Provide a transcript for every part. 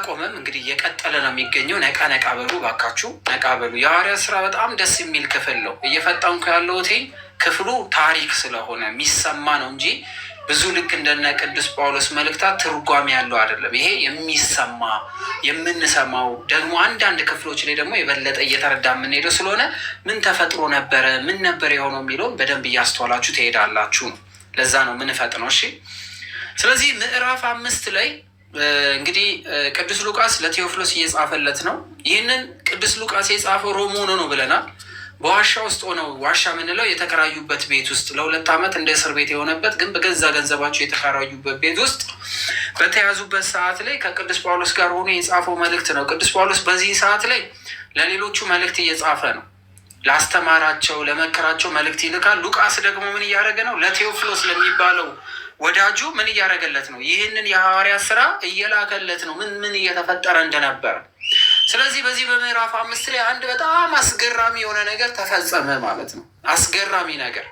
አላቆመም። እንግዲህ እየቀጠለ ነው የሚገኘው። ነቃ ነቃ በሉ ባካችሁ፣ ነቃ በሉ። የሐዋርያ ስራ በጣም ደስ የሚል ክፍል ነው። እየፈጠንኩ ያለሁት ክፍሉ ታሪክ ስለሆነ የሚሰማ ነው እንጂ ብዙ ልክ እንደነ ቅዱስ ጳውሎስ መልእክታት ትርጓሜ ያለው አይደለም። ይሄ የሚሰማ የምንሰማው ደግሞ አንዳንድ ክፍሎች ላይ ደግሞ የበለጠ እየተረዳ የምንሄደው ስለሆነ ምን ተፈጥሮ ነበረ፣ ምን ነበር የሆነው የሚለውን በደንብ እያስተዋላችሁ ትሄዳላችሁ። ለዛ ነው ምን ፈጥነው። እሺ፣ ስለዚህ ምዕራፍ አምስት ላይ እንግዲህ ቅዱስ ሉቃስ ለቴዎፍሎስ እየጻፈለት ነው። ይህንን ቅዱስ ሉቃስ የጻፈው ሮም ሆኖ ነው ብለናል። በዋሻ ውስጥ ሆነው ዋሻ የምንለው የተከራዩበት ቤት ውስጥ ለሁለት ዓመት እንደ እስር ቤት የሆነበት ግን በገዛ ገንዘባቸው የተከራዩበት ቤት ውስጥ በተያዙበት ሰዓት ላይ ከቅዱስ ጳውሎስ ጋር ሆኖ የጻፈው መልእክት ነው። ቅዱስ ጳውሎስ በዚህ ሰዓት ላይ ለሌሎቹ መልእክት እየጻፈ ነው። ላስተማራቸው፣ ለመከራቸው መልእክት ይልካል። ሉቃስ ደግሞ ምን እያደረገ ነው? ለቴዎፍሎስ ለሚባለው ወዳጁ ምን እያደረገለት ነው? ይህንን የሐዋርያ ስራ እየላከለት ነው፣ ምን ምን እየተፈጠረ እንደነበረ። ስለዚህ በዚህ በምዕራፍ አምስት ላይ አንድ በጣም አስገራሚ የሆነ ነገር ተፈጸመ ማለት ነው። አስገራሚ ነገር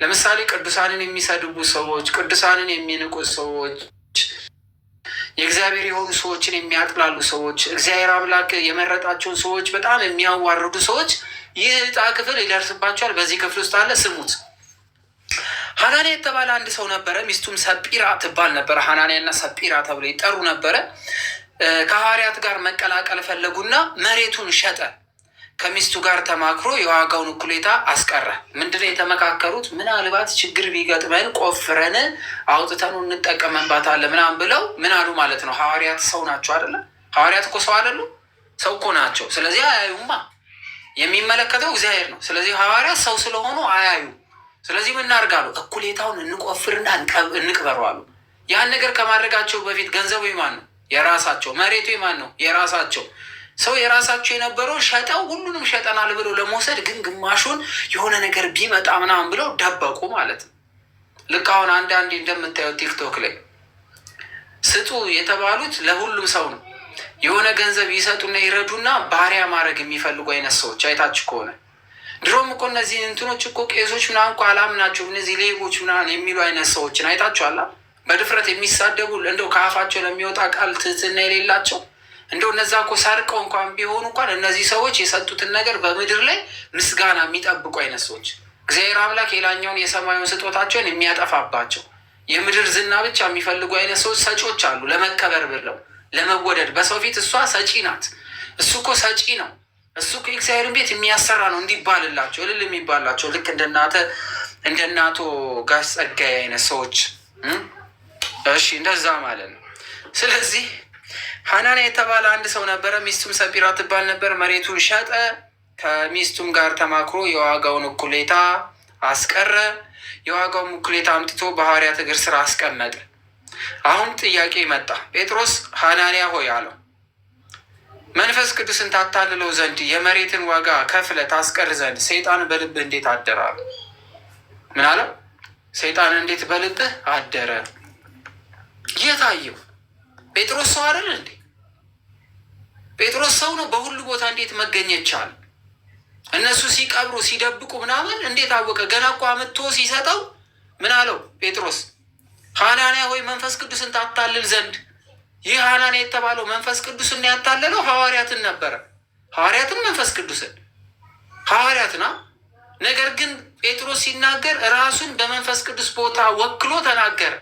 ለምሳሌ ቅዱሳንን የሚሰድቡ ሰዎች፣ ቅዱሳንን የሚንቁ ሰዎች የእግዚአብሔር የሆኑ ሰዎችን የሚያጥላሉ ሰዎች እግዚአብሔር አምላክ የመረጣቸውን ሰዎች በጣም የሚያዋርዱ ሰዎች ይህ ዕጣ ክፍል ይደርስባቸዋል። በዚህ ክፍል ውስጥ አለ፣ ስሙት። ሐናንያ የተባለ አንድ ሰው ነበረ። ሚስቱም ሰጲራ ትባል ነበረ። ሐናንያ ሰጲራ ተብሎ ይጠሩ ነበረ። ከሐዋርያት ጋር መቀላቀል ፈለጉና መሬቱን ሸጠ። ከሚስቱ ጋር ተማክሮ የዋጋውን እኩሌታ አስቀረ። ምንድነው የተመካከሩት? ምናልባት ችግር ቢገጥመን ቆፍረን አውጥተን እንጠቀመንባታለን ምናምን ብለው ምን አሉ ማለት ነው። ሐዋርያት ሰው ናቸው አይደለ ሐዋርያት እኮ ሰው አደሉ ሰው እኮ ናቸው። ስለዚህ አያዩማ። የሚመለከተው እግዚአብሔር ነው። ስለዚህ ሐዋርያት ሰው ስለሆኑ አያዩ ስለዚህ ምን እናድርግ አሉ። እኩሌታውን እንቆፍርና እንቅበሩ አሉ። ያን ነገር ከማድረጋቸው በፊት ገንዘቡ የማን ነው? የራሳቸው። መሬቱ የማን ነው? የራሳቸው። ሰው የራሳቸው የነበረው ሸጠው ሁሉንም ሸጠናል ብለው ለመውሰድ ግን ግማሹን የሆነ ነገር ቢመጣ ምናምን ብለው ደበቁ ማለት ነው። ልክ አሁን አንዳንዴ እንደምታየው ቲክቶክ ላይ ስጡ የተባሉት ለሁሉም ሰው ነው። የሆነ ገንዘብ ይሰጡና ይረዱና ባሪያ ማድረግ የሚፈልጉ አይነት ሰዎች አይታችሁ ከሆነ ድሮም እኮ እነዚህ እንትኖች እኮ ቄሶች ምናምን እኮ ናቸው እነዚህ ሌቦች ምናምን የሚሉ አይነት ሰዎችን አይታችኋላ። በድፍረት የሚሳደቡ እንደው ከአፋቸው ለሚወጣ ቃል ትህትና የሌላቸው እንደው እነዛ እኮ ሰርቀው እንኳን ቢሆኑ እንኳን እነዚህ ሰዎች የሰጡትን ነገር በምድር ላይ ምስጋና የሚጠብቁ አይነት ሰዎች እግዚአብሔር አምላክ የላኛውን የሰማዩን ስጦታቸውን የሚያጠፋባቸው የምድር ዝና ብቻ የሚፈልጉ አይነት ሰዎች ሰጪዎች አሉ። ለመከበር ብለው ለመወደድ በሰው ፊት እሷ ሰጪ ናት፣ እሱ እኮ ሰጪ ነው እሱ የእግዚአብሔርን ቤት የሚያሰራ ነው እንዲባልላቸው እልል የሚባላቸው ልክ እንደናተ እንደ እናቶ ጋሽ ጸጋዬ አይነት ሰዎች እሺ፣ እንደዛ ማለት ነው። ስለዚህ ሐናንያ የተባለ አንድ ሰው ነበረ፣ ሚስቱም ሰጲራ ትባል ነበር። መሬቱን ሸጠ፣ ከሚስቱም ጋር ተማክሮ የዋጋውን እኩሌታ አስቀረ። የዋጋውን እኩሌታ አምጥቶ በሐዋርያት እግር ስር አስቀመጠ። አሁን ጥያቄ መጣ። ጴጥሮስ ሐናንያ ሆይ አለው መንፈስ ቅዱስን ታታልለው ዘንድ የመሬትን ዋጋ ከፍለ ታስቀር ዘንድ ሰይጣን በልብህ እንዴት አደረ አለ። ምን አለው? ሰይጣን እንዴት በልብህ አደረ? የታየው ጴጥሮስ ሰው አይደል እንዴ? ጴጥሮስ ሰው ነው። በሁሉ ቦታ እንዴት መገኘት ቻለ? እነሱ ሲቀብሩ ሲደብቁ ምናምን እንዴት አወቀ? ገና እኮ አምጥቶ ሲሰጠው ምን አለው ጴጥሮስ? ሐናንያ ሆይ መንፈስ ቅዱስን ታታልል ዘንድ ይህ ሐናንያ የተባለው መንፈስ ቅዱስን ያታለለው ሐዋርያትን ነበረ። ሐዋርያትን መንፈስ ቅዱስን ሐዋርያትና ነገር ግን ጴጥሮስ ሲናገር ራሱን በመንፈስ ቅዱስ ቦታ ወክሎ ተናገረ።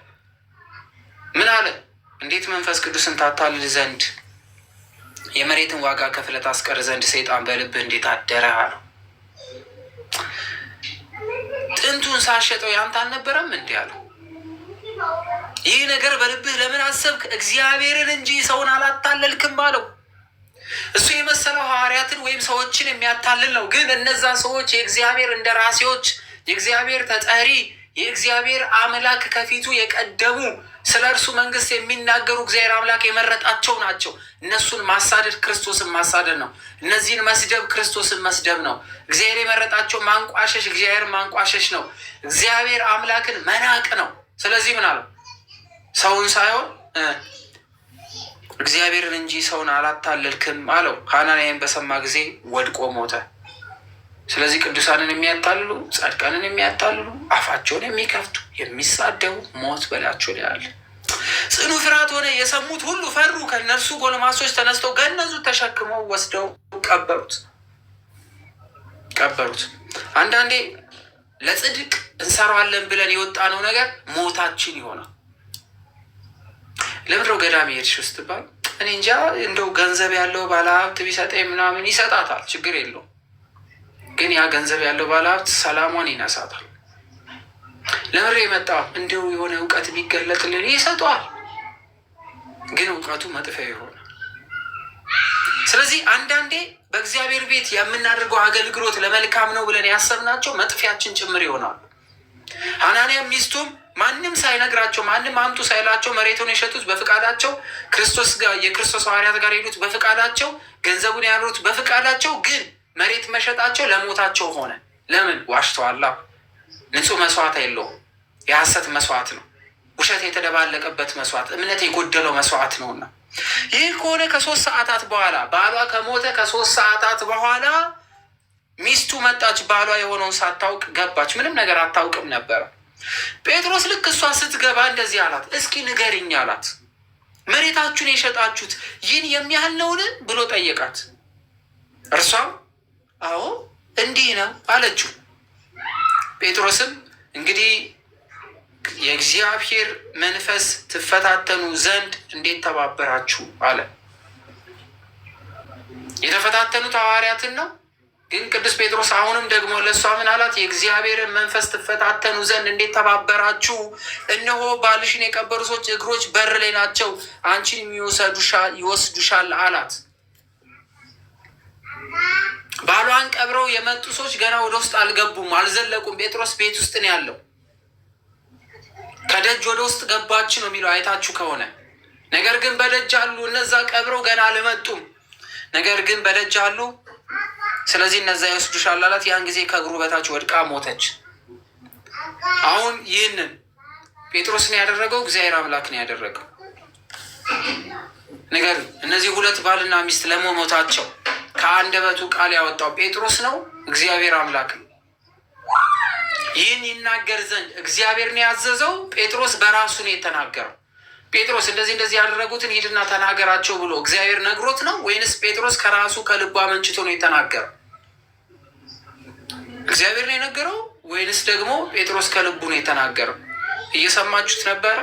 ምን አለ? እንዴት መንፈስ ቅዱስን ታታልል ዘንድ የመሬትን ዋጋ ከፍለ ታስቀር ዘንድ ሰይጣን በልብ እንዴት አደረ አለው። ጥንቱን ሳሸጠው ያንተ አልነበረም እንዲህ አለው። ይህ ነገር በልብህ ለምን አሰብክ? እግዚአብሔርን እንጂ ሰውን አላታለልክም አለው። እሱ የመሰለው ሐዋርያትን ወይም ሰዎችን የሚያታልል ነው። ግን እነዛ ሰዎች የእግዚአብሔር እንደራሴዎች፣ የእግዚአብሔር ተጠሪ፣ የእግዚአብሔር አምላክ ከፊቱ የቀደሙ ስለ እርሱ መንግስት የሚናገሩ እግዚአብሔር አምላክ የመረጣቸው ናቸው። እነሱን ማሳደድ ክርስቶስን ማሳደድ ነው። እነዚህን መስደብ ክርስቶስን መስደብ ነው። እግዚአብሔር የመረጣቸው ማንቋሸሽ እግዚአብሔር ማንቋሸሽ ነው። እግዚአብሔር አምላክን መናቅ ነው። ስለዚህ ምን አለው? ሰውን ሳይሆን እግዚአብሔርን እንጂ ሰውን አላታለልክም አለው። ሐናንያን በሰማ ጊዜ ወድቆ ሞተ። ስለዚህ ቅዱሳንን የሚያታልሉ ጻድቃንን የሚያታልሉ አፋቸውን የሚከፍቱ የሚሳደቡ ሞት በላቸው አለ። ጽኑ ፍርሃት ሆነ። የሰሙት ሁሉ ፈሩ። ከነርሱ ጎልማሶች ተነስተው ገነዙ፣ ተሸክመው ወስደው ቀበሩት ቀበሩት። አንዳንዴ ለጽድቅ እንሰራዋለን ብለን የወጣነው ነገር ሞታችን ይሆናል። ለምድሮ ገዳም የሄድሽው ስትባል እኔ እንጃ እንደው ገንዘብ ያለው ባለሀብት ቢሰጠኝ ምናምን ይሰጣታል፣ ችግር የለውም። ግን ያ ገንዘብ ያለው ባለሀብት ሰላሟን ይነሳታል። ለምሬ የመጣው እንደው የሆነ እውቀት የሚገለጥልን ይሰጧል፣ ግን እውቀቱ መጥፊያ ይሆናል። ስለዚህ አንዳንዴ በእግዚአብሔር ቤት የምናደርገው አገልግሎት ለመልካም ነው ብለን ያሰብናቸው መጥፊያችን ጭምር ይሆናሉ። ሐናንያም ሚስቱም ማንም ሳይነግራቸው ማንም አምጡ ሳይላቸው መሬቱን የሸጡት በፍቃዳቸው፣ ክርስቶስ ጋር የክርስቶስ ሐዋርያት ጋር ሄዱት በፍቃዳቸው፣ ገንዘቡን ያኖሩት በፍቃዳቸው። ግን መሬት መሸጣቸው ለሞታቸው ሆነ። ለምን ዋሽተዋላ። ንጹህ መስዋዕት የለውም። የሐሰት መስዋዕት ነው። ውሸት የተደባለቀበት መስዋዕት፣ እምነት የጎደለው መስዋዕት ነውና ይህ ከሆነ ከሶስት ሰዓታት በኋላ ባሏ ከሞተ ከሶስት ሰዓታት በኋላ ሚስቱ መጣች። ባሏ የሆነውን ሳታውቅ ገባች። ምንም ነገር አታውቅም ነበረ። ጴጥሮስ ልክ እሷ ስትገባ እንደዚህ አላት፣ እስኪ ንገርኝ አላት። መሬታችሁን የሸጣችሁት ይህን የሚያህል ነውን ብሎ ጠየቃት። እርሷም አዎ እንዲህ ነው አለችው። ጴጥሮስም እንግዲህ የእግዚአብሔር መንፈስ ትፈታተኑ ዘንድ እንዴት ተባበራችሁ አለ። የተፈታተኑት ሐዋርያትን ነው ግን ቅዱስ ጴጥሮስ አሁንም ደግሞ ለእሷ ምን አላት? የእግዚአብሔርን መንፈስ ትፈታተኑ ዘንድ እንዴት ተባበራችሁ? እነሆ ባልሽን የቀበሩ ሰዎች እግሮች በር ላይ ናቸው፣ አንቺን ይወስዱሻል አላት። ባሏን ቀብረው የመጡ ሰዎች ገና ወደ ውስጥ አልገቡም፣ አልዘለቁም። ጴጥሮስ ቤት ውስጥ ነው ያለው። ከደጅ ወደ ውስጥ ገባች ነው የሚለው አይታችሁ ከሆነ ነገር ግን በደጅ አሉ። እነዛ ቀብረው ገና አልመጡም፣ ነገር ግን በደጅ አሉ። ስለዚህ እነዛ ይወስድሻል አላት። ያን ጊዜ ከእግሩ በታች ወድቃ ሞተች። አሁን ይህንን ጴጥሮስ ነው ያደረገው? እግዚአብሔር አምላክ ነው ያደረገው? ነገር እነዚህ ሁለት ባልና ሚስት ለመሞታቸው ከአንደበቱ ቃል ያወጣው ጴጥሮስ ነው? እግዚአብሔር አምላክ ነው? ይህን ይናገር ዘንድ እግዚአብሔር ነው ያዘዘው? ጴጥሮስ በራሱ ነው የተናገረው? ጴጥሮስ እንደዚህ እንደዚህ ያደረጉትን ሂድና ተናገራቸው ብሎ እግዚአብሔር ነግሮት ነው ወይንስ ጴጥሮስ ከራሱ ከልቡ አመንጭቶ ነው የተናገረው? እግዚአብሔር ነው የነገረው ወይንስ ደግሞ ጴጥሮስ ከልቡ ነው የተናገረው? እየሰማችሁት ነበረ?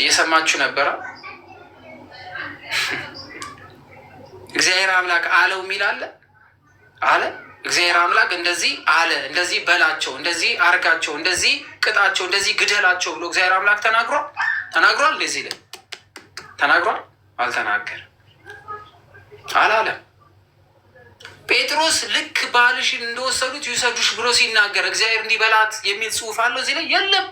እየሰማችሁ ነበረ? እግዚአብሔር አምላክ አለው የሚል አለ አለ እግዚአብሔር አምላክ እንደዚህ አለ፣ እንደዚህ በላቸው፣ እንደዚህ አርጋቸው፣ እንደዚህ ቅጣቸው፣ እንደዚህ ግደላቸው ብሎ እግዚአብሔር አምላክ ተናግሯል። ተናግሯል። ለዚህ ላይ ተናግሯል። አልተናገርም አላለም። ጴጥሮስ ልክ ባልሽን እንደወሰዱት ይውሰዱሽ ብሎ ሲናገር እግዚአብሔር እንዲበላት የሚል ጽሑፍ አለው እዚህ ላይ የለም።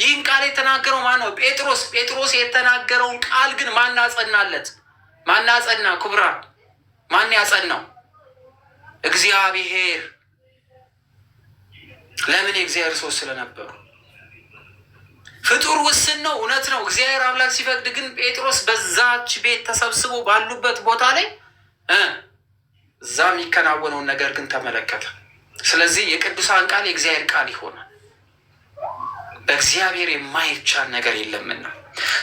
ይህን ቃል የተናገረው ማን ነው? ጴጥሮስ። ጴጥሮስ የተናገረውን ቃል ግን ማን አጸናለት? ማን አጸና? ክቡራ ማን ያጸናው? እግዚአብሔር። ለምን? የእግዚአብሔር ሰዎች ስለነበሩ ፍጡር ውስን ነው። እውነት ነው። እግዚአብሔር አምላክ ሲፈቅድ ግን ጴጥሮስ በዛች ቤት ተሰብስቦ ባሉበት ቦታ ላይ እዛ የሚከናወነውን ነገር ግን ተመለከተ። ስለዚህ የቅዱሳን ቃል የእግዚአብሔር ቃል ይሆናል። በእግዚአብሔር የማይቻል ነገር የለምና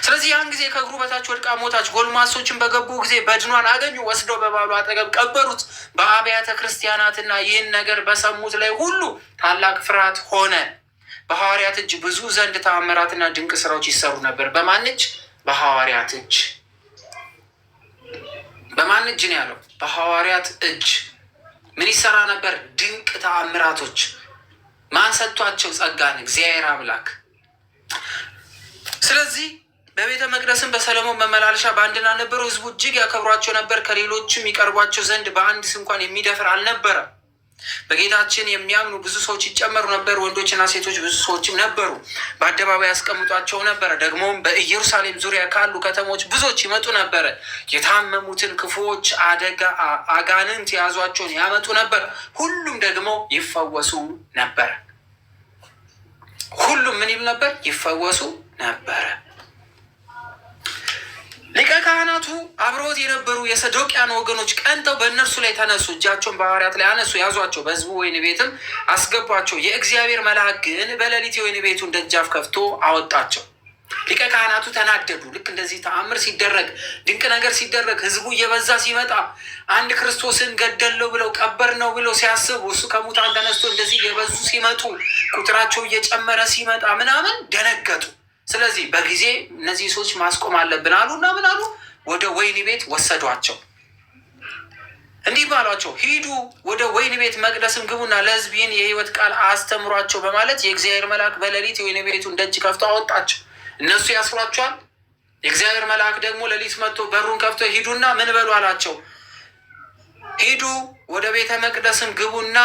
ስለዚህ ያን ጊዜ ከእግሩ በታች ወድቃ ሞታች። ጎልማሶችን በገቡ ጊዜ በድኗን አገኙ፣ ወስደው በባሉ አጠገብ ቀበሩት። በአብያተ ክርስቲያናትና ይህን ነገር በሰሙት ላይ ሁሉ ታላቅ ፍርሃት ሆነ። በሐዋርያት እጅ ብዙ ዘንድ ተአምራትና ድንቅ ስራዎች ይሰሩ ነበር። በማን እጅ? በሐዋርያት እጅ። በማን እጅ ነው ያለው? በሐዋርያት እጅ ምን ይሰራ ነበር? ድንቅ ተአምራቶች። ማን ሰጥቷቸው? ጸጋን እግዚአብሔር አምላክ። ስለዚህ በቤተ መቅደስም በሰለሞን መመላለሻ በአንድና ነበሩ። ህዝቡ እጅግ ያከብሯቸው ነበር። ከሌሎችም ይቀርቧቸው ዘንድ በአንድ ስንኳን የሚደፍር አልነበረም። በጌታችን የሚያምኑ ብዙ ሰዎች ይጨመሩ ነበር። ወንዶችና ሴቶች ብዙ ሰዎችም ነበሩ። በአደባባይ ያስቀምጧቸው ነበረ። ደግሞም በኢየሩሳሌም ዙሪያ ካሉ ከተሞች ብዙዎች ይመጡ ነበረ። የታመሙትን፣ ክፉዎች፣ አደጋ አጋንንት የያዟቸውን ያመጡ ነበር። ሁሉም ደግሞ ይፈወሱ ነበር። ሁሉም ምን ይሉ ነበር? ይፈወሱ ነበረ። ሊቀ ካህናቱ አብረውት የነበሩ የሰዶቅያን ወገኖች ቀንተው በእነርሱ ላይ ተነሱ፣ እጃቸውን በሐዋርያት ላይ አነሱ፣ ያዟቸው፣ በሕዝቡ ወይን ቤትም አስገቧቸው። የእግዚአብሔር መልአክ ግን በሌሊት የወይን ቤቱን ደጃፍ ከፍቶ አወጣቸው። ሊቀ ካህናቱ ተናደዱ። ልክ እንደዚህ ተአምር ሲደረግ ድንቅ ነገር ሲደረግ ህዝቡ እየበዛ ሲመጣ አንድ ክርስቶስን ገደለው ብለው ቀበር ነው ብለው ሲያስቡ እሱ ከሙታን ተነስቶ እንደዚህ እየበዙ ሲመጡ ቁጥራቸው እየጨመረ ሲመጣ ምናምን ደነገጡ። ስለዚህ በጊዜ እነዚህ ሰዎች ማስቆም አለብን አሉ እና ምን አሉ፣ ወደ ወይን ቤት ወሰዷቸው። እንዲህ ባሏቸው ሂዱ ወደ ወይን ቤት መቅደስም ግቡና ለህዝብን የህይወት ቃል አስተምሯቸው በማለት የእግዚአብሔር መልአክ በሌሊት የወይን ቤቱን ደጅ ከፍቶ አወጣቸው። እነሱ ያስሯቸዋል። የእግዚአብሔር መልአክ ደግሞ ሌሊት መጥቶ በሩን ከፍቶ ሂዱና ምን በሉ አላቸው። ሂዱ ወደ ቤተ መቅደስም ግቡና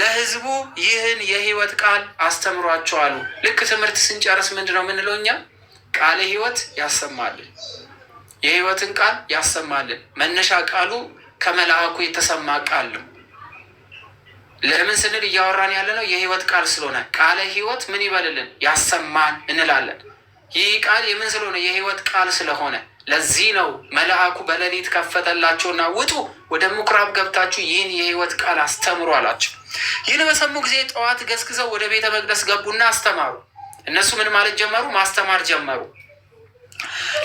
ለህዝቡ ይህን የህይወት ቃል አስተምሯቸው አሉ። ልክ ትምህርት ስንጨርስ ምንድን ነው የምንለው እኛ? ቃለ ህይወት ያሰማልን፣ የህይወትን ቃል ያሰማልን። መነሻ ቃሉ ከመልአኩ የተሰማ ቃል ነው። ለምን ስንል እያወራን ያለ ነው የህይወት ቃል ስለሆነ፣ ቃለ ህይወት ምን ይበልልን? ያሰማን እንላለን። ይህ ቃል የምን ስለሆነ? የህይወት ቃል ስለሆነ ለዚህ ነው መልአኩ በሌሊት ከፈተላቸውና ውጡ ወደ ምኩራብ ገብታችሁ ይህን የህይወት ቃል አስተምሩ አላቸው። ይህን በሰሙ ጊዜ ጠዋት ገስግዘው ወደ ቤተ መቅደስ ገቡና አስተማሩ። እነሱ ምን ማለት ጀመሩ? ማስተማር ጀመሩ።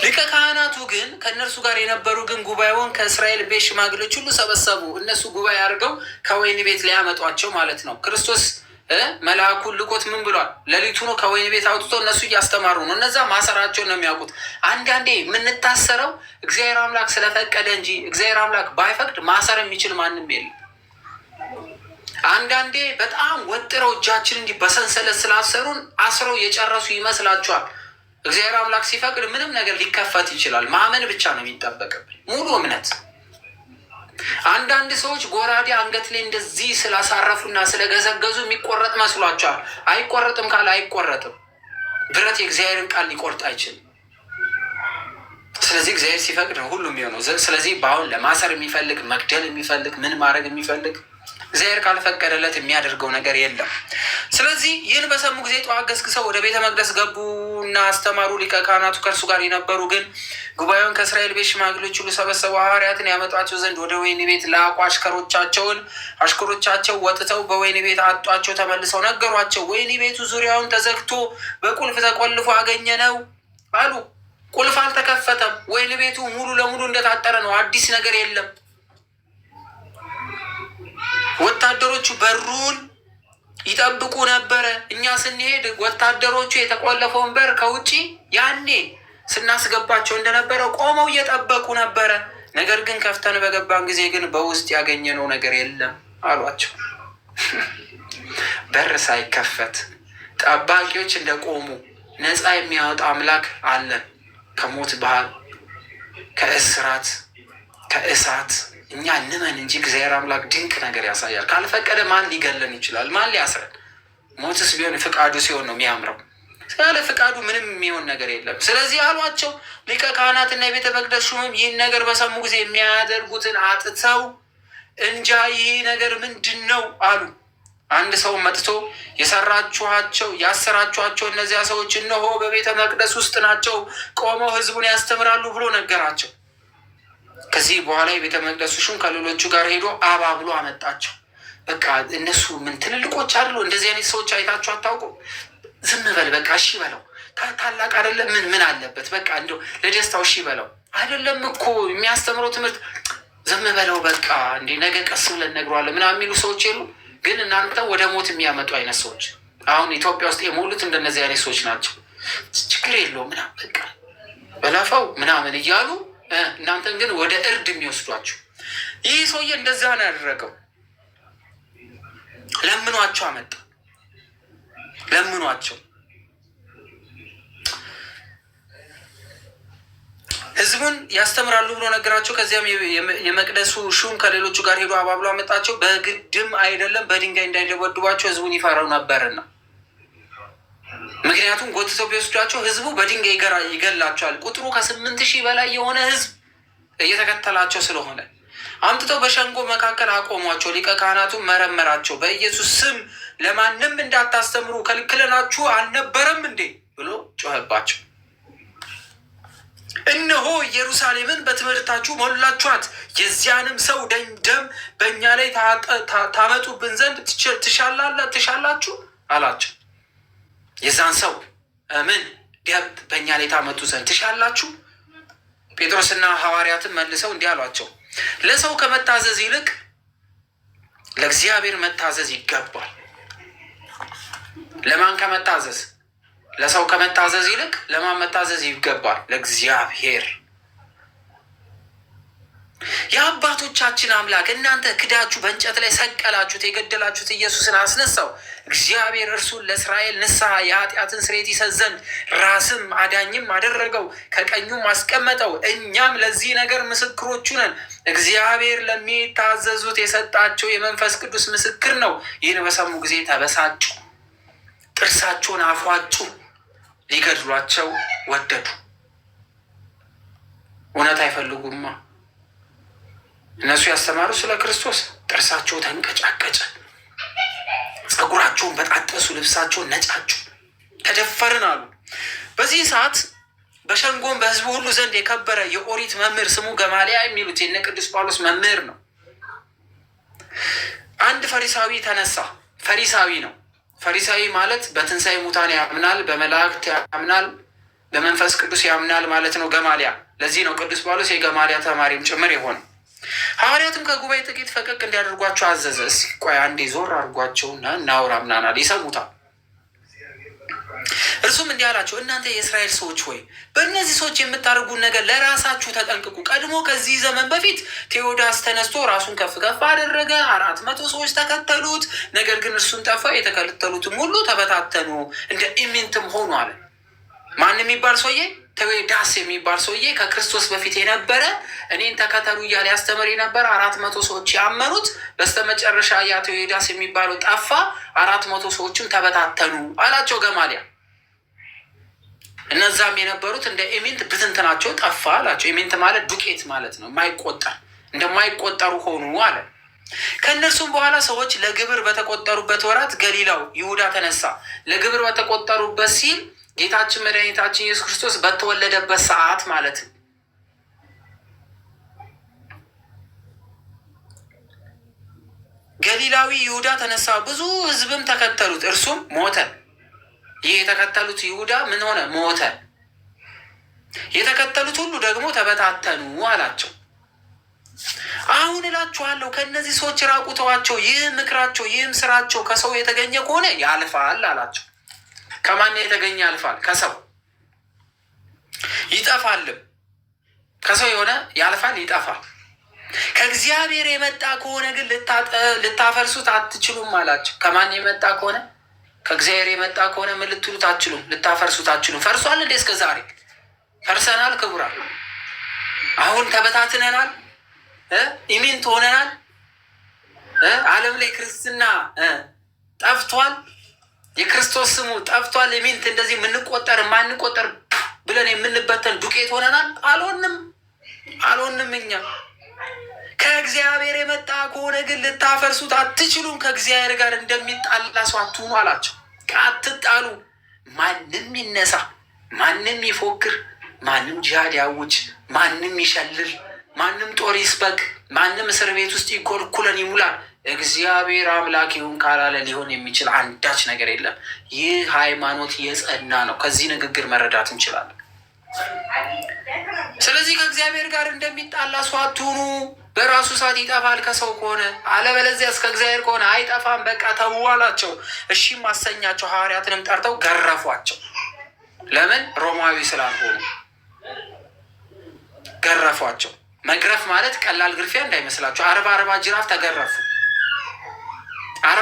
ሊቀ ካህናቱ ግን ከእነርሱ ጋር የነበሩ ግን ጉባኤውን ከእስራኤል ቤት ሽማግሌዎች ሁሉ ሰበሰቡ። እነሱ ጉባኤ አድርገው ከወይን ቤት ሊያመጧቸው ማለት ነው ክርስቶስ መልአኩ ልኮት ምን ብሏል? ሌሊቱ ነው ከወይን ቤት አውጥቶ እነሱ እያስተማሩ ነው። እነዛ ማሰራቸውን ነው የሚያውቁት። አንዳንዴ የምንታሰረው እግዚአብሔር አምላክ ስለፈቀደ እንጂ እግዚአብሔር አምላክ ባይፈቅድ ማሰር የሚችል ማንም የለም። አንዳንዴ በጣም ወጥረው እጃችን እንዲህ በሰንሰለት ስላሰሩን አስረው የጨረሱ ይመስላችኋል። እግዚአብሔር አምላክ ሲፈቅድ ምንም ነገር ሊከፈት ይችላል። ማመን ብቻ ነው የሚጠበቅብን ሙሉ እምነት አንዳንድ ሰዎች ጎራዴ አንገት ላይ እንደዚህ ስላሳረፉና ስለገዘገዙ የሚቆረጥ መስሏቸዋል። አይቆረጥም ካለ አይቆረጥም። ብረት የእግዚአብሔርን ቃል ሊቆርጥ አይችልም። ስለዚህ እግዚአብሔር ሲፈቅድ ነው ሁሉም የሆነው። ስለዚህ በአሁን ለማሰር የሚፈልግ መግደል የሚፈልግ ምን ማድረግ የሚፈልግ እግዚአብሔር ካልፈቀደለት የሚያደርገው ነገር የለም። ስለዚህ ይህን በሰሙ ጊዜ ጠዋት ገስግሰው ወደ ቤተ መቅደስ ገቡና አስተማሩ። ሊቀ ካህናቱ ከእርሱ ጋር የነበሩ ግን ጉባኤውን ከእስራኤል ቤት ሽማግሌዎች ሁሉ ሰበሰቡ። ሐዋርያትን ያመጧቸው ዘንድ ወደ ወይን ቤት ላቁ አሽከሮቻቸውን አሽከሮቻቸው ወጥተው በወይን ቤት አጧቸው። ተመልሰው ነገሯቸው። ወይን ቤቱ ዙሪያውን ተዘግቶ በቁልፍ ተቆልፎ አገኘ ነው አሉ። ቁልፍ አልተከፈተም። ወይን ቤቱ ሙሉ ለሙሉ እንደታጠረ ነው። አዲስ ነገር የለም። ወታደሮቹ በሩን ይጠብቁ ነበረ። እኛ ስንሄድ ወታደሮቹ የተቆለፈውን በር ከውጭ ያኔ ስናስገባቸው እንደነበረ ቆመው እየጠበቁ ነበረ። ነገር ግን ከፍተን በገባን ጊዜ ግን በውስጥ ያገኘነው ነገር የለም አሏቸው። በር ሳይከፈት ጠባቂዎች እንደቆሙ ነፃ የሚያወጣ አምላክ አለን ከሞት ባህል ከእስራት ከእሳት እኛ እንመን እንጂ እግዚአብሔር አምላክ ድንቅ ነገር ያሳያል። ካልፈቀደ ማን ሊገለን ይችላል? ማን ሊያስረን? ሞትስ ቢሆን ፍቃዱ ሲሆን ነው የሚያምረው። ያለ ፍቃዱ ምንም የሚሆን ነገር የለም። ስለዚህ አሏቸው። ሊቀ ካህናትና የቤተ መቅደስ ሹምም ይህን ነገር በሰሙ ጊዜ የሚያደርጉትን አጥተው እንጃ ይህ ነገር ምንድን ነው አሉ። አንድ ሰው መጥቶ የሰራችኋቸው ያሰራችኋቸው እነዚያ ሰዎች እነሆ በቤተ መቅደስ ውስጥ ናቸው፣ ቆመው ህዝቡን ያስተምራሉ ብሎ ነገራቸው። ከዚህ በኋላ የቤተ መቅደሱ ሹም ከሌሎቹ ጋር ሄዶ አባ ብሎ አመጣቸው። በቃ እነሱ ምን ትልልቆች አሉ። እንደዚህ አይነት ሰዎች አይታችሁ አታውቁም። ዝም በል በቃ እሺ በለው። ታላቅ አይደለም ምን ምን አለበት በቃ እንዲ ለደስታው እሺ በለው። አይደለም እኮ የሚያስተምረው ትምህርት ዝም በለው በቃ እንዲ ነገ ቀስ ብለን እነግረዋለን ምናምን የሚሉ ሰዎች የሉ። ግን እናንተ ወደ ሞት የሚያመጡ አይነት ሰዎች አሁን ኢትዮጵያ ውስጥ የሞሉት እንደነዚህ አይነት ሰዎች ናቸው። ችግር የለው ምናምን በቃ በለፈው ምናምን እያሉ እናንተን ግን ወደ እርድ የሚወስዷችሁ። ይህ ሰውዬ እንደዛ ነው ያደረገው። ለምኗቸው አመጣ፣ ለምኗቸው። ህዝቡን ያስተምራሉ ብሎ ነገራቸው። ከዚያም የመቅደሱ ሹም ከሌሎቹ ጋር ሄዶ አባብሎ አመጣቸው። በግድም አይደለም በድንጋይ እንዳይደበድቧቸው ህዝቡን ይፈራው ነበርና ምክንያቱም ጎትተው ቢወስዷቸው ህዝቡ በድንጋይ ይገላቸዋል። ቁጥሩ ከስምንት ሺህ በላይ የሆነ ህዝብ እየተከተላቸው ስለሆነ አምጥተው በሸንጎ መካከል አቆሟቸው። ሊቀ ካህናቱ መረመራቸው። በኢየሱስ ስም ለማንም እንዳታስተምሩ ከልክለናችሁ አልነበረም እንዴ ብሎ ጮኸባቸው። እነሆ ኢየሩሳሌምን በትምህርታችሁ ሞላችኋት፣ የዚያንም ሰው ደም በእኛ ላይ ታመጡብን ዘንድ ትሻላችሁ አላቸው። የዛን ሰው ምን ገብ በእኛ ላይ ታመጡ ዘንድ ትሻላችሁ? ጴጥሮስና ሐዋርያትን መልሰው እንዲህ አሏቸው፣ ለሰው ከመታዘዝ ይልቅ ለእግዚአብሔር መታዘዝ ይገባል። ለማን ከመታዘዝ ለሰው ከመታዘዝ ይልቅ ለማን መታዘዝ ይገባል? ለእግዚአብሔር የአባቶቻችን አምላክ እናንተ ክዳችሁ በእንጨት ላይ ሰቀላችሁት፣ የገደላችሁት ኢየሱስን አስነሳው። እግዚአብሔር እርሱን ለእስራኤል ንስሐ የኃጢአትን ስርየት ይሰጥ ዘንድ ራስም አዳኝም አደረገው፣ ከቀኙም አስቀመጠው። እኛም ለዚህ ነገር ምስክሮቹ ነን። እግዚአብሔር ለሚታዘዙት የሰጣቸው የመንፈስ ቅዱስ ምስክር ነው። ይህን በሰሙ ጊዜ ተበሳጩ፣ ጥርሳቸውን አፏጩ፣ ሊገድሏቸው ወደዱ። እውነት አይፈልጉማ እነሱ ያስተማሩ ስለ ክርስቶስ ጥርሳቸው ተንቀጫቀጨ፣ ጸጉራቸውን በጣጠሱ፣ ልብሳቸውን ነጫጩ፣ ተደፈርን አሉ። በዚህ ሰዓት በሸንጎን በህዝቡ ሁሉ ዘንድ የከበረ የኦሪት መምህር ስሙ ገማሊያ የሚሉት የነ ቅዱስ ጳውሎስ መምህር ነው። አንድ ፈሪሳዊ ተነሳ። ፈሪሳዊ ነው። ፈሪሳዊ ማለት በትንሣኤ ሙታን ያምናል፣ በመላእክት ያምናል፣ በመንፈስ ቅዱስ ያምናል ማለት ነው። ገማሊያ ለዚህ ነው ቅዱስ ጳውሎስ የገማሊያ ተማሪም ጭምር የሆነ ሐዋርያትም ከጉባኤ ጥቂት ፈቀቅ እንዲያደርጓቸው አዘዘ። እስኪ ቆይ አንዴ ዞር አድርጓቸውና እናውራ ምናናል ይሰሙታል። እርሱም እንዲህ አላቸው፣ እናንተ የእስራኤል ሰዎች ሆይ በእነዚህ ሰዎች የምታደርጉን ነገር ለራሳችሁ ተጠንቅቁ። ቀድሞ ከዚህ ዘመን በፊት ቴዎዳስ ተነስቶ ራሱን ከፍ ከፍ አደረገ፣ አራት መቶ ሰዎች ተከተሉት። ነገር ግን እርሱን ጠፋ፣ የተከተሉትም ሁሉ ተበታተኑ፣ እንደ ኢሚንትም ሆኑ አለ። ማን የሚባል ሰውዬ ቴዎዳስ የሚባል ሰውዬ ከክርስቶስ በፊት የነበረ እኔን ተከተሉ እያለ ያስተምር የነበረ አራት መቶ ሰዎች ያመኑት፣ በስተመጨረሻ ያ ቴዎዳስ የሚባለው ጠፋ፣ አራት መቶ ሰዎችም ተበታተኑ አላቸው ገማሊያ። እነዛም የነበሩት እንደ ኤሜንት ብትንትናቸው ጠፋ አላቸው። ኤሜንት ማለት ዱቄት ማለት ነው፣ ማይቆጠር እንደማይቆጠሩ ሆኑ አለ። ከእነርሱም በኋላ ሰዎች ለግብር በተቆጠሩበት ወራት ገሊላው ይሁዳ ተነሳ። ለግብር በተቆጠሩበት ሲል ጌታችን መድኃኒታችን ኢየሱስ ክርስቶስ በተወለደበት ሰዓት ማለት ነው። ገሊላዊ ይሁዳ ተነሳ፣ ብዙ ህዝብም ተከተሉት፣ እርሱም ሞተ። ይህ የተከተሉት ይሁዳ ምን ሆነ? ሞተ። የተከተሉት ሁሉ ደግሞ ተበታተኑ አላቸው። አሁን እላችኋለሁ ከእነዚህ ሰዎች ራቁተዋቸው ይህም ይህ ምክራቸው፣ ይህም ስራቸው ከሰው የተገኘ ከሆነ ያልፋል አላቸው። ከማን የተገኘ ያልፋል? ከሰው ይጠፋልም። ከሰው የሆነ ያልፋል፣ ይጠፋል። ከእግዚአብሔር የመጣ ከሆነ ግን ልታፈርሱት አትችሉም አላቸው። ከማን የመጣ ከሆነ ከእግዚአብሔር የመጣ ከሆነ ምን ልትሉት አትችሉም፣ ልታፈርሱት አትችሉም። ፈርሷል እንዴ? እስከ ዛሬ ፈርሰናል። ክቡራ አሁን ተበታትነናል፣ ኢሚንት ሆነናል። ዓለም ላይ ክርስትና ጠፍቷል። የክርስቶስ ስሙ ጠፍቷል። የሚንት እንደዚህ የምንቆጠር ማንቆጠር ብለን የምንበተን ዱቄት ሆነናል። አልሆንም አልሆንም። እኛ ከእግዚአብሔር የመጣ ከሆነ ግን ልታፈርሱት አትችሉም። ከእግዚአብሔር ጋር እንደሚጣላ ሰው አትሁኑ አላቸው። አትጣሉ። ማንም ይነሳ፣ ማንም ይፎክር፣ ማንም ጂሃድ ያውጅ፣ ማንም ይሸልል፣ ማንም ጦር ይስበግ ማንም እስር ቤት ውስጥ ይኮልኩለን ይሙላል እግዚአብሔር አምላክ ይሁን ካላለ ሊሆን የሚችል አንዳች ነገር የለም። ይህ ሃይማኖት የጸና ነው። ከዚህ ንግግር መረዳት እንችላለን። ስለዚህ ከእግዚአብሔር ጋር እንደሚጣላ ሰው አትሁኑ። በራሱ ሰዓት ይጠፋል ከሰው ከሆነ አለበለዚያ እስከ እግዚአብሔር ከሆነ አይጠፋም። በቃ ተዉ አላቸው። እሺ ማሰኛቸው። ሐዋርያትንም ጠርተው ገረፏቸው። ለምን? ሮማዊ ስላልሆኑ ገረፏቸው። መግረፍ ማለት ቀላል ግርፊያ እንዳይመስላቸው። አርባ አርባ ጅራፍ ተገረፉ።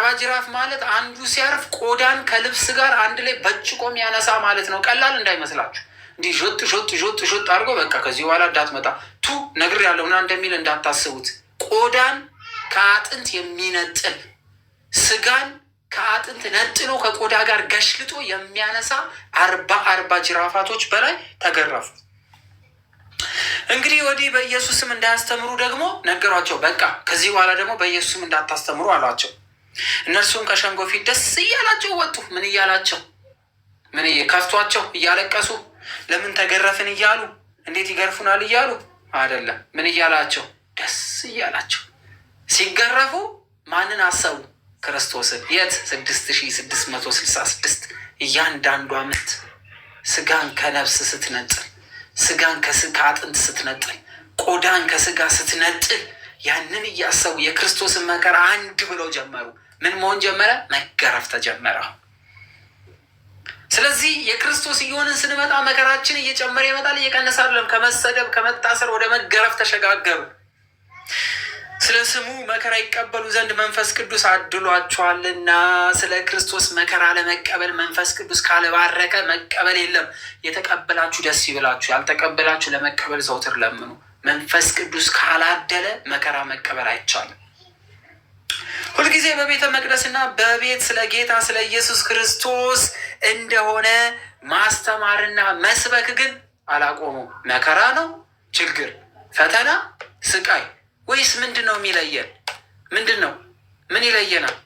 አርባ ጅራፍ ማለት አንዱ ሲያርፍ ቆዳን ከልብስ ጋር አንድ ላይ በጭቆም ያነሳ ማለት ነው። ቀላል እንዳይመስላችሁ እንዲህ ሾጥ ሾጥ ሾጥ ሾጥ አድርጎ በቃ ከዚህ በኋላ እንዳትመጣ ቱ ነግር ና እንደሚል እንዳታስቡት። ቆዳን ከአጥንት የሚነጥል ስጋን ከአጥንት ነጥሎ ከቆዳ ጋር ገሽልጦ የሚያነሳ አርባ አርባ ጅራፋቶች በላይ ተገረፉ። እንግዲህ ወዲህ በኢየሱስም ስም እንዳያስተምሩ ደግሞ ነገሯቸው። በቃ ከዚህ በኋላ ደግሞ በኢየሱስም ስም እንዳታስተምሩ አሏቸው። እነርሱም ከሸንጎ ፊት ደስ እያላቸው ወጡ። ምን እያላቸው ምን ከፍቷቸው እያለቀሱ ለምን ተገረፍን እያሉ እንዴት ይገርፉናል እያሉ አይደለም። ምን እያላቸው ደስ እያላቸው ሲገረፉ ማንን አሰቡ? ክርስቶስን። የት? ስድስት ሺህ ስድስት መቶ ስልሳ ስድስት እያንዳንዱ ዓመት ስጋን ከነፍስ ስትነጥል፣ ስጋን ከአጥንት ስትነጥል፣ ቆዳን ከስጋ ስትነጥል ያንን እያሰቡ የክርስቶስን መከራ አንድ ብለው ጀመሩ። ምን መሆን ጀመረ? መገረፍ ተጀመረ። ስለዚህ የክርስቶስ እየሆንን ስንመጣ መከራችን እየጨመረ ይመጣል፣ እየቀነሰ አይደለም። ከመሰደብ ከመታሰር ወደ መገረፍ ተሸጋገሩ። ስለ ስሙ መከራ ይቀበሉ ዘንድ መንፈስ ቅዱስ አድሏቸዋልና። ስለ ክርስቶስ መከራ ለመቀበል መንፈስ ቅዱስ ካለባረከ መቀበል የለም። የተቀበላችሁ ደስ ይበላችሁ፣ ያልተቀበላችሁ ለመቀበል ዘውትር ለምኑ። መንፈስ ቅዱስ ካላደለ መከራ መቀበል አይቻልም። ሁልጊዜ በቤተ መቅደስና በቤት ስለ ጌታ ስለ ኢየሱስ ክርስቶስ እንደሆነ ማስተማርና መስበክ ግን አላቆሙም። መከራ ነው፣ ችግር፣ ፈተና፣ ስቃይ ወይስ ምንድን ነው የሚለየን? ምንድን ነው? ምን ይለየናል?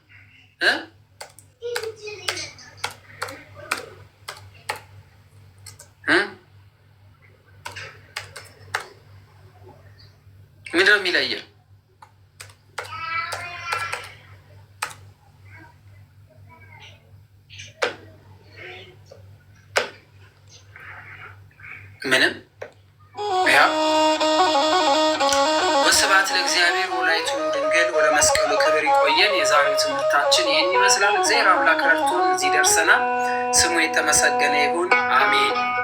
ምንድን ነው የሚለየን? ምንም ስብሐት ለእግዚአብሔር ወላዲቱ ድንግል መስቀሉ ክብር። ይቆየን። የዛሬው ትምህርታችን ይህን ይመስላል። እግዚአብሔር አምላክ ረድቶን እዚህ ደርሰናል። ስሙ የተመሰገነ ይሁን። አሜን።